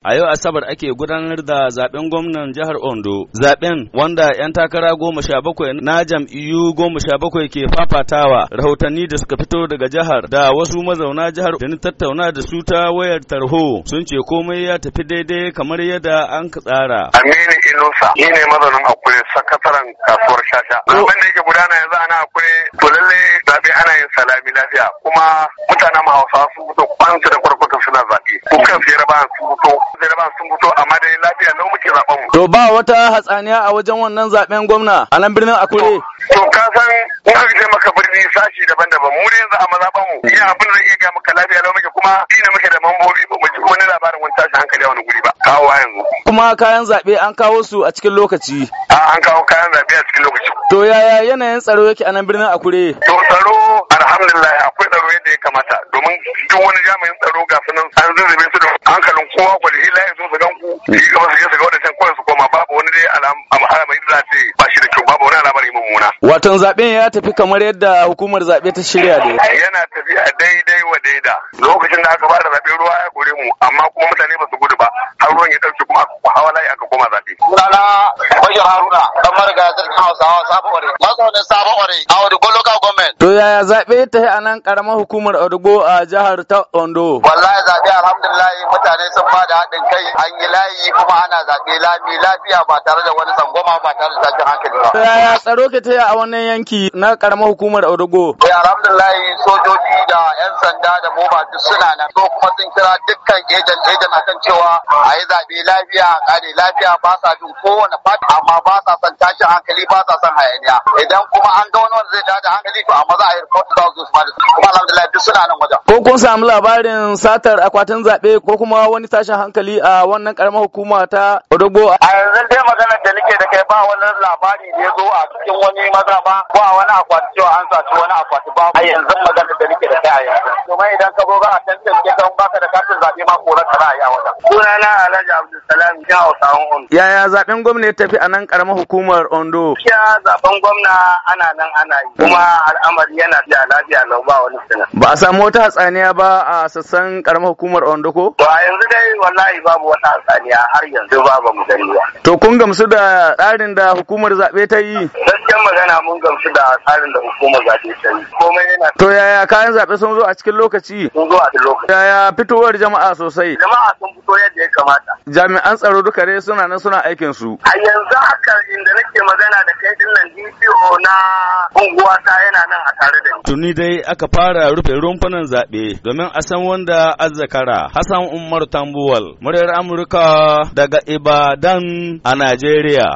A yau Asabar ake gudanar da zaben gwamnan jihar Ondo, zaben wanda 'yan takara goma sha bakwai na jam'iyyu goma sha bakwai ke fafatawa rahotanni da suka fito daga jihar da wasu mazauna jihar da ni tattauna da su ta wayar tarho sun ce komai ya tafi daidai kamar yadda an tsara. Aminu Inusa, ni ne mazaunin Akure, sakataren kasuwar Shasha. Abin da yake gudana yanzu ana Akure, to lallai zaɓe ana yin salami lafiya, kuma mutanen Hausa su fito kwanci da kwarkwata kukan yarabawan sun fito yarabawan sun fito amma dai lafiya lau muke zaben mu to ba wata hatsaniya a wajen wannan zaben gwamna a nan birnin Akure to ka san in aka je maka birni sashi daban-daban mu yanzu a mazaban mu ina abin da iya ga maka lafiya lau muke kuma ne muke da mambobi ba mu ji wani labarin wani tashi hankali a wani guri ba kawo yanzu kuma kayan zaɓe an kawo su a cikin lokaci a an kawo kayan zaɓe a cikin lokaci to yaya yanayin tsaro yake a nan birnin Akure to tsaro alhamdulillah kamata domin duk wani jami'in tsaro ga sunan an zuzube su da hankalin kowa kwali hila ya zo su gan ku shi gaba su je su ga wadancan kawai su koma babu wani dai al'amari da za ce ba shi da kyau babu wani al'amari mummuna. Watan zaben ya tafi kamar yadda hukumar zabe ta shirya da yana tafiya daidai wa daida lokacin da aka fara zaɓe ruwa ya kore mu amma kuma mutane ba su gudu ba har ruwan ya ɗauke kuma hawa layi aka koma zaɓe. Sunana Bashir Haruna, ɗan marigayi sarkin Hausawa, sabon mazaunin sabon ore a Odugbo local government. To yaya zaɓe ta yi a nan ƙaramar hukumar Odugbo a jihar ta Ondo? Wallahi zaɓe alhamdulillah mutane sun ba da haɗin kai an yi layi kuma ana zaɓe lami lafiya ba tare da wani tsangwama ba tare da tashin hankali ba. Yaya tsaro ke taya a wannan yanki na ƙaramar hukumar Odogo? Ya eh, alhamdulillahi sojoji da 'yan sanda da MOBA duk suna nan. So kuma sun kira dukkan ejan ejan akan cewa a yi zaɓe lafiya a ƙare lafiya ba sa jin kowane fata amma ba sa son tashin hankali ba sa son hayaniya. Idan kuma an ga wani wanda zai tada hankali to amma za a yi report za su zo su ba da kuma alhamdulillahi duk suna nan wajen. Ko kun samu labarin satar akwatin zaɓe ko kuma kuma wani tashin hankali a wannan karamar hukuma ta Odogbo. A yanzu dai maganar da nake da kai ba wani labari da ya zo a cikin wani mazaba ba wani akwati cewa an saci wani akwati ba a yanzu maganar da nake da kai a yanzu. Kuma idan ka zo za a tantance kan baka da kati zaɓe ma a wata. Sunana Alhaji Abdulsalam ya Ondo. Yaya zaɓen gwamna ya tafi a nan ƙaramar hukumar Ondo? Ya zaɓen gwamna ana nan ana yi kuma al'amari yana da lafiya lau ba wani sinan. Ba a samu wata hatsaniya ba a sassan ƙaramar hukumar Ondo ko? Ba yanzu dai wallahi babu wata hatsaniya har yanzu ba ba gani ba. To kun gamsu da tsarin da hukumar zaɓe ta yi? gaskiyar magana mun gamsu da tsarin da hukumar za ta yi komai yana to yaya kayan zaɓe sun zo a cikin lokaci sun zo a cikin lokaci yaya fitowar jama'a sosai jama'a sun fito yadda ya kamata jami'an tsaro duka dai suna nan suna aikin su a yanzu haka inda nake magana da kai din nan DPO na unguwa ta yana nan a tare da ni tuni dai aka fara rufe rumfunan zaɓe domin a san wanda azzakara Hassan Umar Tambuwal muryar Amurka daga Ibadan a Najeriya